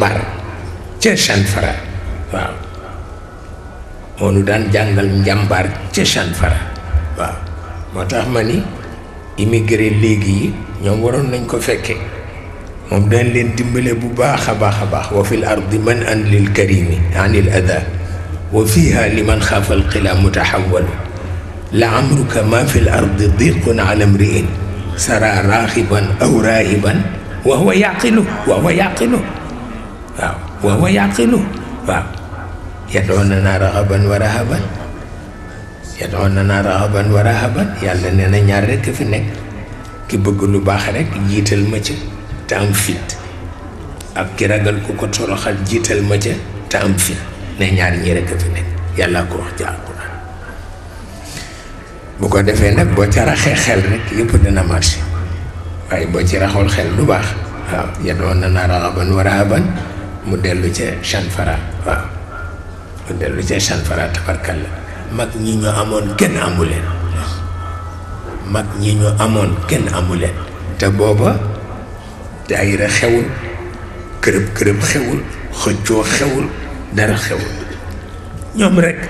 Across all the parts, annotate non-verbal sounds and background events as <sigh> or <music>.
bar ca fara waaw moo nu daan jàngal njàmbaar ca Chanfara waaw moo tax immigré légui ñom waron nañ ko fekke mom dañ leen dimbale bu baakha baakha baax wa fil ardi man an lil karimi yani al adha wa fiha liman khafa al qila mutahawwal la amruka ma fil l ardi diqun ala mriin sara rahiban aw rahiban وهو huwa وهو wa waaw wa huwa yaqilu na yadoonanaa raxaban wa rahaban yadoonanaa raxaban wa rahaban yàlla nee na ñaar rekk fi nekk ki bëgg lu baax rekk jiital ma ca te am fit ak ki ragal ko toroxal jiital ma ca te am ne ñaar ñi rekk fi nekk yàlla ko wax ci bu ko defee nag boo ca raxee xel rek yëpp dina marché waaye boo ci raxul xel lu baax waaw yadoonanaa raxaban wa rahaban mu dellu ca chanfara waaw mu dellu ca chanfara mag ñi ñu amoon kenn amuleen mag ñi ñu amoon kenn amuleen te booba daayira xewul kërëb kërëb xewul xëccoo xewul dara xewul ñoom rekk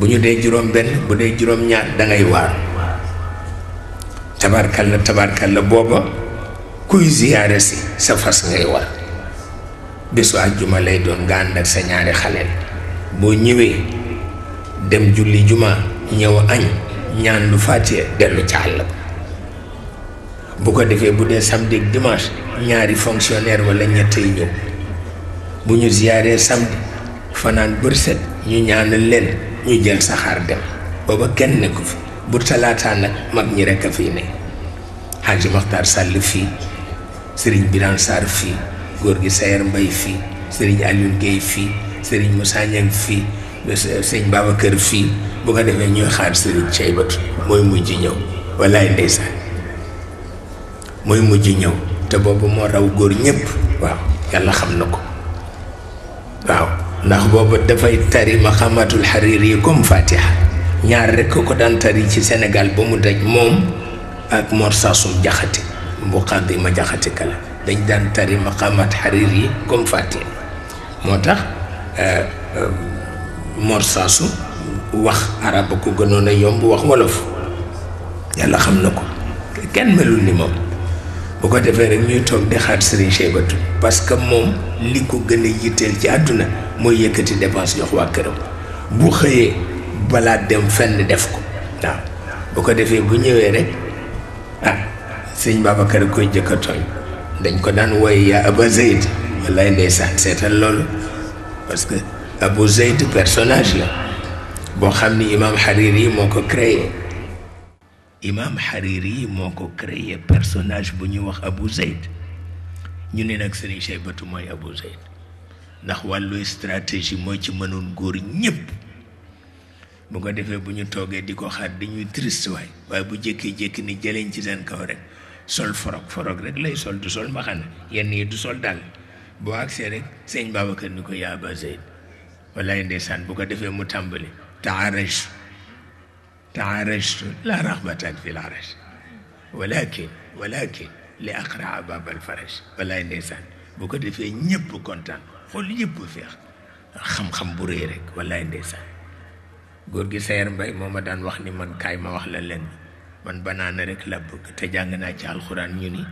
bu ñu dee juróom benn bu dee juróom ñaar dangay waar tabarkalla tabarkalla booba kuy ziyaare si sa fas ngay waar bésu àjjuma lay doon nga ànd sa ñaari xaleel boo ñëwee dem julli juma ñëw añ ñaan lu fàttee dellu ca àll bu ko defee bu dee samedi ak dimanche ñaari fonctionnaire wala ñett yi ñëw bu ñu ziyaaree samedi fanaan bërset ñu ñaanal leen ñu jël saxaar dem booba kenn nekku fi bu talaataan nag mag ñi rekk a fiy ne Xaaji Maxtaar Sàll fii Sëriñ Biraan Saar fii góor gi Sayer mbay fii Serigne Alioune Guèye fii sëriñ Moussa Niang fii sëñ kër fii bu ko defee ñuy xaar Serigne Cheybatu mooy mujj ñëw walaay ndeysaan mooy mujj ñëw te boobu moo raw góor ñépp waaw yàlla xam na ko waaw ndax boobu dafay tari maxamatul xariir yi comme Fatiha ñaar rek ko daan tari ci senegal ba mu daj moom ak Mor Sassoum Jaxate bu bi ma jaxate dañ daan tari maqaamaat xarir yi comme Fatiha moo tax euh, euh, Mor Saasu wax arab ko gënoon a yomb wax wolof yàlla xam na ko kenn melul ni moom bu ko defee rek ñuy toog di xaar Serigne Cheikh parce que moom li ko gën a yitteel ci àdduna mooy yëkkati dépense jox waa këram bu xëyee balaa dem fenn def ko waaw bu ko defee bu ñëwee rek ah sëñ Babacar koy jëkk a tooñ dañ ko daan woy yaa Aba Zeyd wallaay ndeysaan seetal loolu parce que Abu Zeyd personnage la boo xam ni Imaam Hariri yi moo ko créer Imaam Hariri yi moo ko créé personnage bu ñuy wax Abu Zeyd ñu ne nag Serigne Cheybatu mooy Abu Zeyd ndax wàllu stratégie mooy ci mënoon góor ñëpp bu ko defee bu ñu toogee di ko xaar dañuy triste waay waaye bu jékkee jékki ni jëleeñ ci seen kaw rek sol forok forok rek lay sol du sol mbaxana yenn yi du sol dàll boo agsee rek sëñ Babacar ni ko yaa ba Zeyd wallahi ndeysaan bu ko defé mu tàmbali taarajtu taarajtu la raxbatan fil laraj walakin walakin li aqraa babal faraj wallaay ndeysaan bu ko defee ñëpp kontaan xool yëpp feex xam-xam bu rëy rek wallaay ndeysaan góor gi Sayer Mbaye moo ma daan wax ni man kaay ma wax la leen man banaana rek la bëgg te jàng naa ci alxuraan ñu ni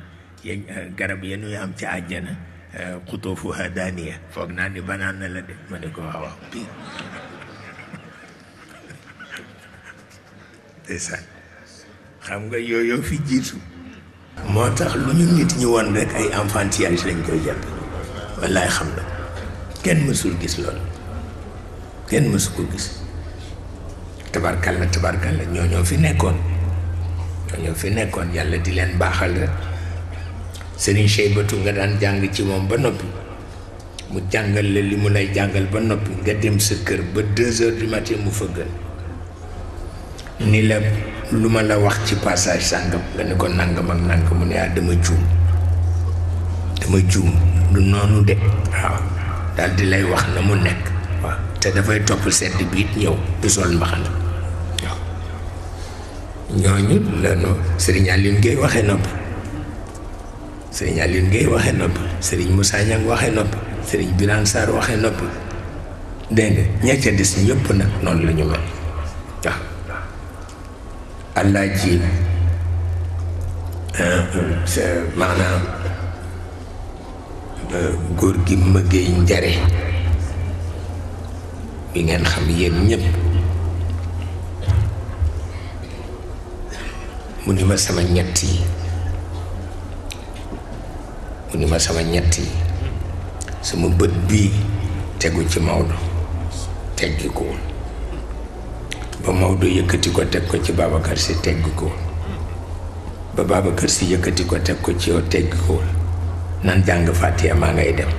yéen eh, garab ya nuy am ci àjjana eh, xutoofuha daaniya foog naa ni banaana la de ma ne ko waaw waaw pire <laughs> ndeysaan xam nga yooyu fi jiitu moo tax lu ñu nit ñi woon rek ay enfantillage lañ koy jàpp wallaay xam na kenn mësul gis loolu kenn mësu ko gis tabarkalla tabarkalla ñoo ñoo fi nekkoon ñoo fi nekkoon yàlla di leen baaxal rek sëriñ Cheybatu nga daan jàng ci moom ba noppi mu jàngal la li mu lay jàngal ba noppi nga dem sa kër ba deux heures du matin mu fëggal ni la lu ma la wax ci passage sàngam nga ni ko nàngam ak nàngam mu ne ah dama juum dama juum lu noonu de waaw daal di lay wax na mu nekk waaw te dafay topp sedd biit ñëw du sol mbaxana ñooñu la nu Serigne Aline Gueye waxee nopp Serigne Aline Gueye waxee nopp Serigne Moussa Niang waxee nopp sëriñ Birane Sarr waxee nopp dégg nga ña ca des ñëpp nag noonu la ñu mel waaw Alaaji euh, maanaam euh, góor gi mëggee njare bi ngeen xam yéen ñëpp mu ni ma sama ñett yi mu ni ma sama ñett yi sama bët bii tegu ci maw teggi ko woon ba Maodo yëkkati ko teg ko ci Babacar Sy ko ba Babacar Sy yëkkati ko teg ko ci yow teggi ko woon nan jàng fàtte maa ngay dem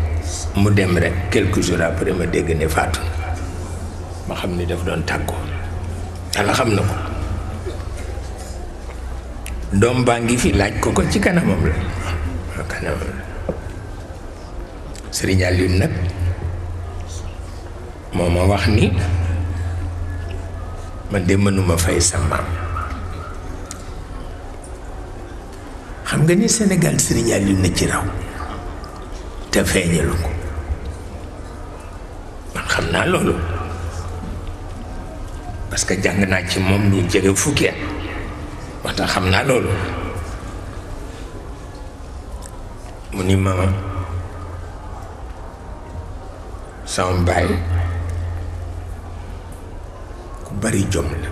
mu dem rek quelques jours après ma dégg ne faatu ma xam ni daf doon tàggoo yàlla xam na ko doom baa ngi fi laaj ko ko ci kanamam la kanamam la Sëriñ Aliou nag moo ma wax ni man de mënuma fay sa maam xam nga ni Sénégal Sëriñ Aliou na ci raw te feeñalu ko man xam naa loolu parce que jàng naa ci moom lu jege fukki at moo tax xam naa loolu mu ni ma sama baay ku bari jom la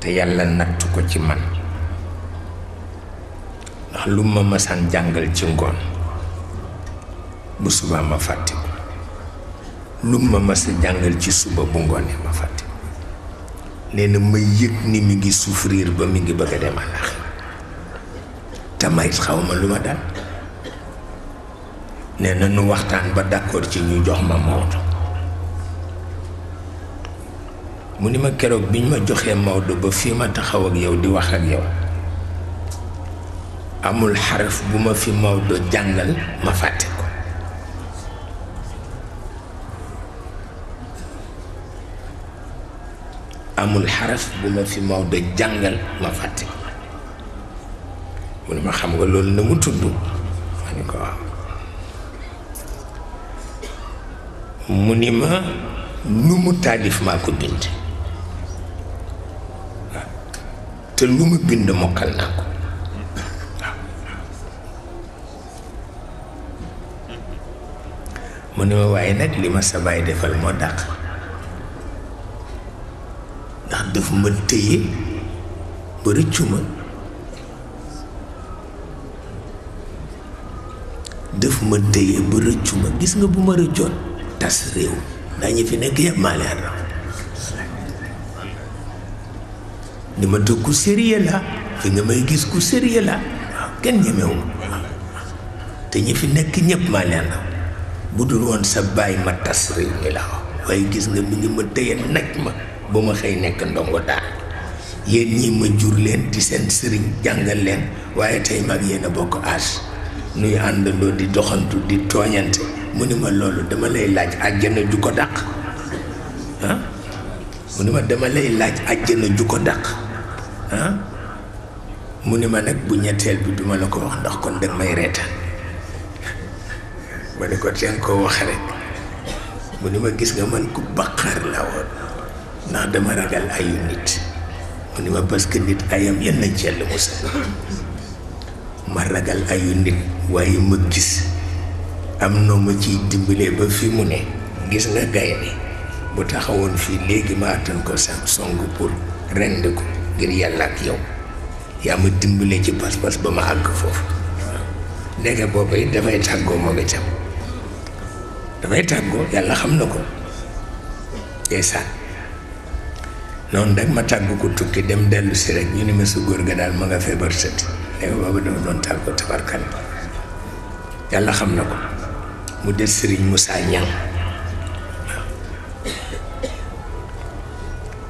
te yàlla nattu ko ci man ndax lu ma masaan jàngal ci ngoon bu subaa ma fàtte lu ma masa jàngal ci suba bu ngoonee ma fàtte nee na ma yëg ni mi ngi souffrir ba mi ngi bëgg a dem àllax te may xaw ma lu ma dal nee na nu waxtaan ba d'accord ci ñu jox ma Maodo mu ni ma keroog biñ ma joxee Maodo ba fi ma taxaw ak yow di wax ak yow amul xaraf bu ma fi Maodo jàngal ma fàtte amul xaraf bu ma fi Maodo jàngal ma fàtte mu ne ma xam nga loolu na mu tudd mu ni ma lu mu taalif maa ko bind waaw te lu mu bind mokkal naa ko mu ne ma waaye nag li ma sa baay defal moo dàq daf ma téye ba rëccu ma daf ma téye ba rëccu ma gis nga bu ma rëccoon tas réew ndax ñi fi nekk yëpp maa leen raw ni ku sérieux la fi nga may gis ku sérieux la waaw kenn ñemewu ma te ñi fi nekk ñëpp maa leen raw bu dul woon sa bàyyi ma tas réew mi la waaye gis nga mi ngi ma téye naj ma buma xey nek ndongo da yeen ñi ma jur leen di seen sëriñ nui leen waye tay mag yeena bokk as nuy andalo di doxantu di toñante mu ni ma dama lay laaj aljana ju ko dàq ah mu ma dama lay laaj aljana ju ko dàq ah mu ni ma ah? bu ñettel bi duma la ko wax ndax kon dem may reta <laughs> ko ko wax rek gis nga man ku bakkar la won ndax dama ragal ayu nit mu ni ma parce nit ayam yal nañ ci yàlla musal ma ragal ayu nit waaye ma gis am noo ma ciy dimbalee ba fi mu ne gis nga gaynde bu taxawoon fii léegi ma attan ko sam song pour rend ko ngir yàlla ak yow yaa ma dimbale ci pas-pas ba ma àgg foofu ndeke booba it dafay tàggoo moom itam dafay tàggoo yàlla xam na ko ndeysaan noonu rek ma tàggu ko tukki dem dellusi si rek ñu ni ma sa góor ga daal ma nga feebar sët léegi booba dama doon tàggoo tabarkan yàlla xam na ko mu des sëriñ Moussa Niang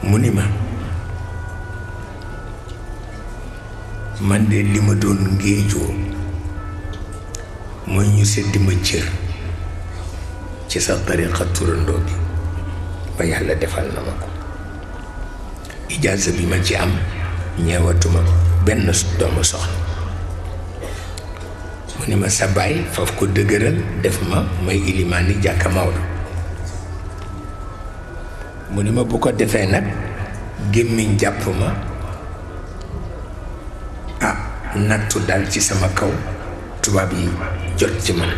mu ni ma man de li ma doon ngéejoo mooy ñu seddi ma cër ci sa tariqa turandoo bi ba yàlla defal na ma ko ijaasa bi ma ci am ñeewatuma benn doomu soxna mu ne ma sa baay faf ko dëgëral def ma may ilimaani jàkka Maodo mu ne ma bu ko defee nag gémmiñ jàpp ma ah nattu dal ci sama kaw tubaab yi jot ci man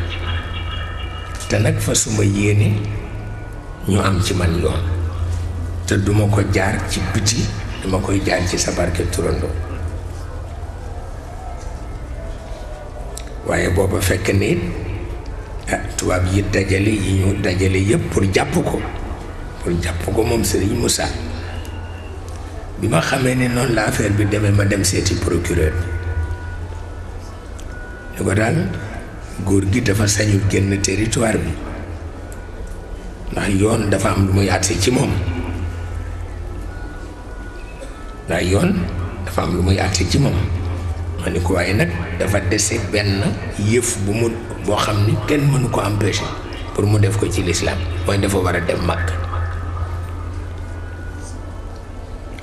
te nag fa suma yéene ñu am ci man yoon te duma ko jaar ci biti duma koy jaar ci sa barke turandoo waaye booba fekk ni ah, tubaab yi dajale yi ñu dajale yëpp pour jàpp ko pour jàpp ko moom Serigne musa bi ma xamee ne noonu la affaire bi demee ma dem seeti procureur ni daal góor gi dafa sañul génn territoire bi ndax yoon dafa am lu muy àtte ci moom ndax yoon dafa am lu muy àtte ci moom ma ni ko waaye nag dafa dese benn yëf bu mu boo xam ni kenn mënu ko empêcher pour mu def ko ci lislam mooy dafa war a dem màkk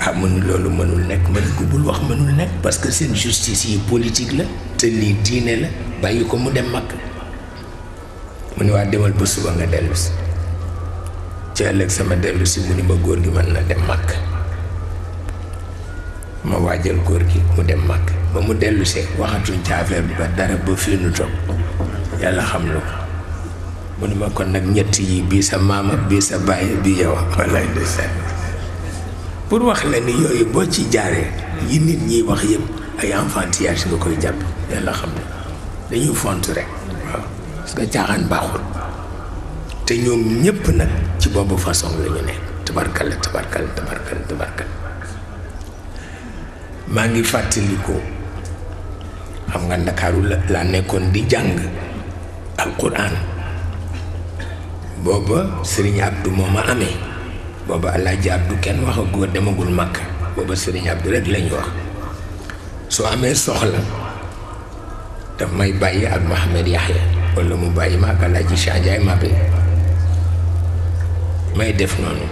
ah mu ni loolu mënul nekk ma ni wax mënul nekk parce que seen justice yi politique la te lii diine la bàyyi ko mu dem màkk mu ni waa demal ba suba nga dellusi ci ëllëg sama dellusi mu ni ma góor gi mën na dem màkk ma waajal góor gi mu dem màkk ba mu dellusee see waxatuñ ci affaire bi ba dara ba fii nu toog yàlla xam lu ko mu ne ma kon nag ñett yi bii sa maama bii sa bàyyi bii yow wallaay ndeysaan pour wax la ni yooyu boo ci jaaree yi nit ñiy wax yëpp ay enfantillage nga koy jàpp yàlla xam ne dañuy font rek waaw parce que caaxaan baaxul te ñoom ñëpp nag ci boobu façon la ñu nekk tabarkal tabarkal maa ngi fàttalikoo xam nga ndakaaru la laa nekkoon di jàng alquran booba sëriñ Abdou moo ma amee booba Alaaji Abdou kenn waxagoo demagul Makka booba sëriñ Abdou rek lañu wax soo amee soxla daf may bàyyi ak Mohamed Yahya walla mu bàyyi ma ak Alaaji Chandiaye Mabé may def noonu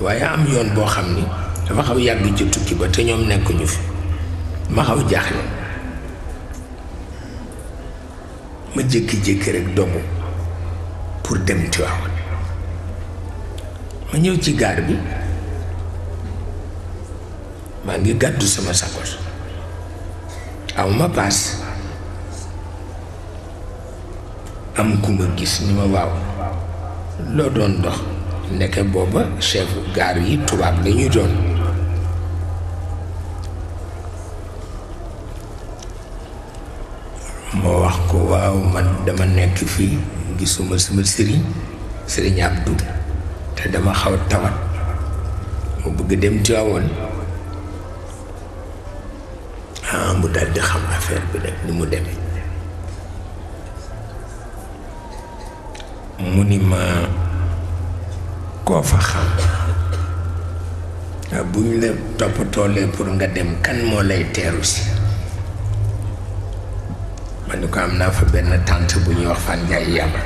waaye am yoon boo xam ni dafa xaw yàgg ci tukki ba te ñoom nekkuñu fi ma xaw jaaxle ma jékki-jékki rek dogu pour dem Tiwaawan ma ñëw ci gaar bi maa ngi gàddu sama sakos aw ma paas am ku ma gis ni ma waaw loo doon dox nekk booba chef gaar yi tubaab lañuy doon ko waaw man dama nekk fii gisuma sama sëriñ sëriñ abdu te dama xaw tawat mu bëgg dem jawon ah mu dal di xam affaire bi nag ni mu demee mu ni ma koo fa xam la toppatoolee pour nga dem kan moo lay teeru ma ni ko am naa fa benn tànt bu ñuy wax fan njaay yàlla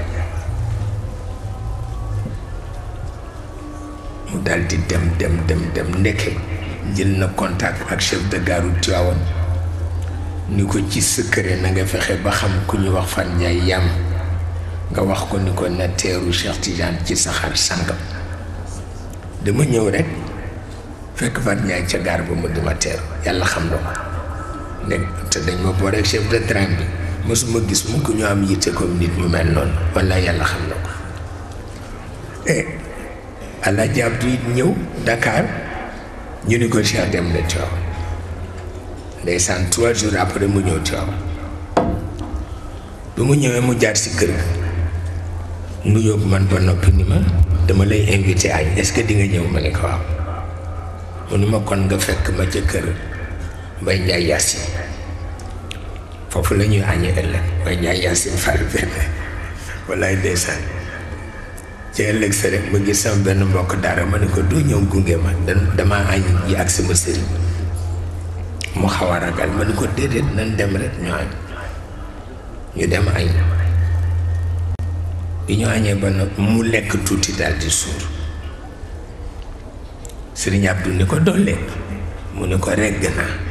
mu dal dem dem dem dem ndekke jël na contact ak chef de garu Tivaouane ni ko ci secret na nga fexe ba xam ku ñuy wax fan njaay yàmm nga wax ko ni ko na teeru Cheikh Tidiane ci saxaar sàngam dama ñëw rek fekk fan ca gaar ba mu duma teeru yàlla xam na ko ndeg te dañ ma booleeg chef de train bi mësuma gis mu ko ñu am yitte comme nit ñu mel noonu walla yàlla xam na ko eh, Alaaji Abdu it ñëw Dakar ñu ni ko Cheikh dem na Tiwaawan ndeysaan trois jours après mu ñëw Tiwaawan bi mu ñëwee mu jaar si kër gi mu yóbbu man ba noppi ni ma dama lay invité añ est-ce que di nga ñëw ma ne ko waaw mu ni ma kon nga fekk ma ca kër Mbay Njaay Yaasin foofu la ñuy añee ëllëg mooy ñaay Yacine Fall benn wallaay ndeysaan ci ëllëg sa rek ma gis sama benn mbokk dara ma ne ko du ñëw gunge ma damaa añ yi ak sama sëriñ mu xaw a ragal ma ne ko déedéet nan dem rek ñu añ ñu dem añ bi ñu añee ba nag mu lekk tuuti daldi di suur sëriñ Abdou ni ko dolle mu ne ko regg naa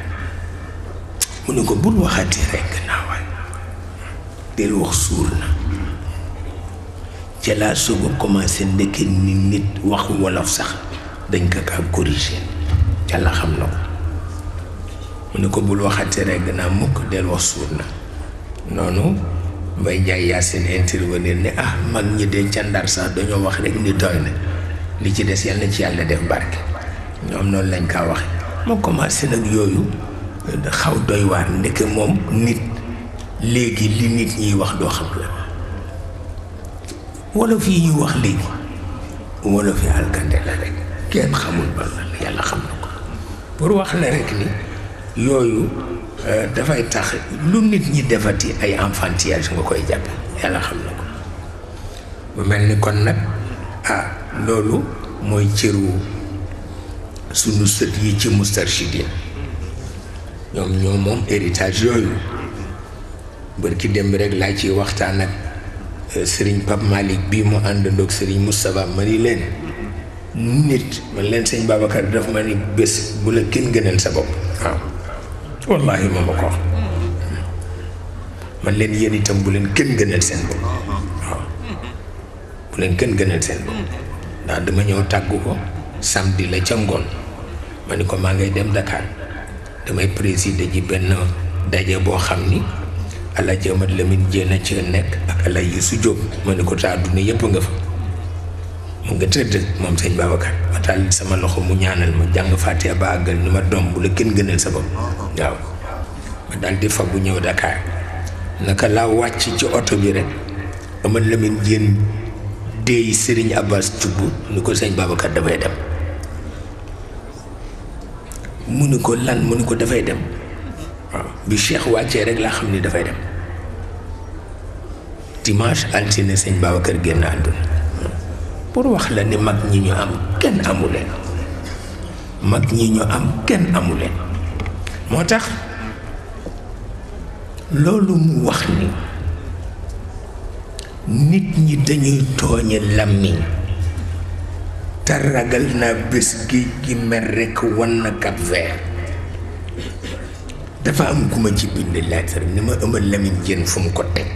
mu ne ko bul waxati rekk naa waay del wax suur na ca laa soog a commencé ndeke nit wax wolof sax dañ ko kaa corrigé ca xam na ko mu ne ko bul waxati rekk naa mukk del wax suur na noonu bay njaay yaa seen intervenir ne ah mag ñi de ca ndar sax dañoo wax rekk ni doy na li ci des yàlla na ci yàlla def barke ñoom noonu lañ kaa waxe moo commencé nag yooyu xaw doy waar ndeke moom nit léegi li nit ñiy wax doo xam la wolof yi ñuy wax léegi wolof yi alkande la rek kenn xamul ba la yàlla xam na ko pour wax la rek ni yooyu euh, dafay tax lu nit ñi defati ay enfantillage nga koy jàppe yàlla xam na ko bu mel ni kon nag ah loolu mooy cëru sunu sët yi ci Moustarchidine ñoom ñoo moom héritage yooyu bërki dem rek laa ci waxtaan ak euh, sëriñ Pape Malick bii mu àndandoo ak sëriñ Moustapha ma ni leen nit man leen sëñ Babacar dafa ma ni bés bu la kenn gënal sa bopp waaw wallaahi ma ma ko man leen yéen itam bu leen kenn gënal seen bopp waaw bu leen kenn gënal seen bopp ndax dama ñëw tàggu ko samedi la ca ngoon ma ko maa ngay dem Dakar damay présider ji benn daje boo xam ni ala jëmat Lamine jéem a ci nekk ak ala yi su jóg ma ne ko te àdduna yëpp nga fa nga tëdd moom sëñ Babacar ma sama loxo mu ñaanal ma jàng fàtte ba àggal ma doom bu gënal sa bopp di ñëw Dakar naka laa wàcc ci oto bi rek amat Lamine jéen déey Serigne Abbas tubb ko sëñ Babacar dafay dem mu ni ko lan mu ni ko dafay dem bi Cheikh wàccee rek laa xam ni dafay dem dimanche altine sëñ kër génn àdduna pour wax la ni mag ñi ñu am kenn amuleen mag ñi ñu am kenn amuleen moo tax loolu mu wax ni nit ñi dañuy tooñe làmmiñ te ragal naa bés géej gi mer rekk wan na Cap Vert dafa am ku ma ci bind lettre ni ma ëmb Lamine Diène fu mu ko teg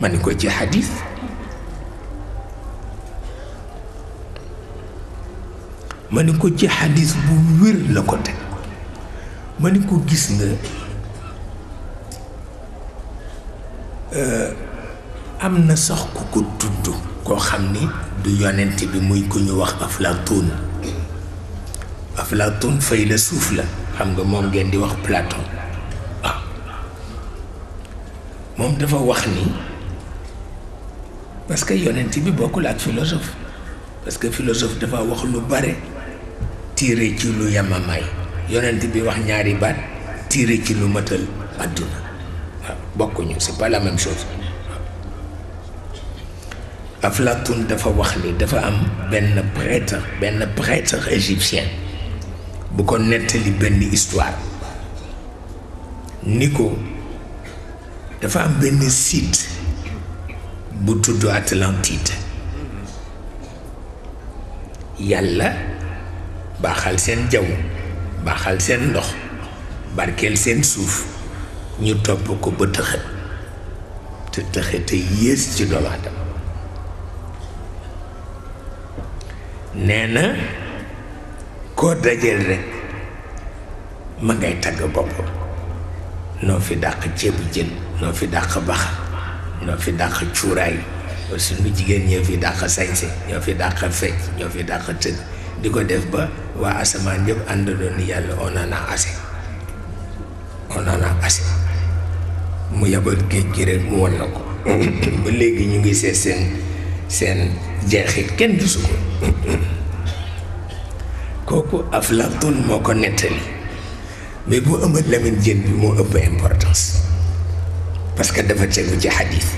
ma ni ko ci xadis ma ni ko ci xadis bu wér la ko teg ma ni ko gis nga euh, am na sax ku ko tudd koo xam ni du yonent bi muy ku ñu wax Aflatoon Aflatoon fay la suuf la xam nga moom ngeen di wax Platon waaw ah. moom dafa wax ni parce que yonent bi bokkul ak philosophe parce que philosophe dafa wax lu bare tiire ci lu yamamaay yonent bi wax ñaari baat tiire ci lu matal àdduna ah, bokkuñu c'est pas chose Aflatun dafa wax ni dafa am benn prêtre benn prêtre égyptien bu ko nettali benn histoire ni ko dafa am benn site bu tudd Atlantide yàlla baaxal seen jaww baaxal seen ndox barkeel seen suuf ñu topp ko ba tëxe te tëxe yées ci doomu nee na koo dajeel rek ma ngay tagg boppam noo fi dàq ceebu jën noo fi dàq bax noo fi dàq cuuraay suñu jigéen ñoo fi dàq sañse ñoo fi dàq fecc ñoo fi dàq tëgg di ko def ba waa asamaan yëpp àndandoo ni yàlla on en a assez mu yabal géej gi rek mu wan na ko <laughs> ba léegi ñu ngi seet seen seen jeexit kenn gisu ko <coughs> kooku af Aflatun moo ko nettali mais bu ëmbat Lamin Jën bi moo ëpp importance parce que dafa tegu ci xadis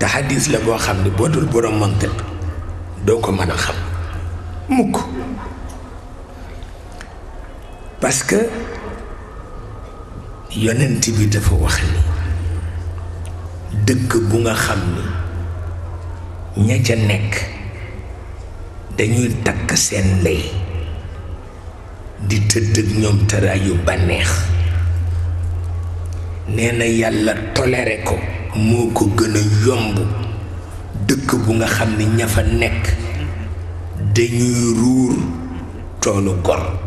te xadis la boo xam ne boo dul borom mantal doo ko mën a xam mukk parce que yonent bi dafa wax ni dëkk bu nga xam ni ña ca nekk dañuy takk seen ndey di tëdd ak ñoom tëraa yu bànneex nee na yàlla toléré ko moo ko gën a yomb dëkk bu nga xam ni ña fa nekk dañuy ruur toolu gor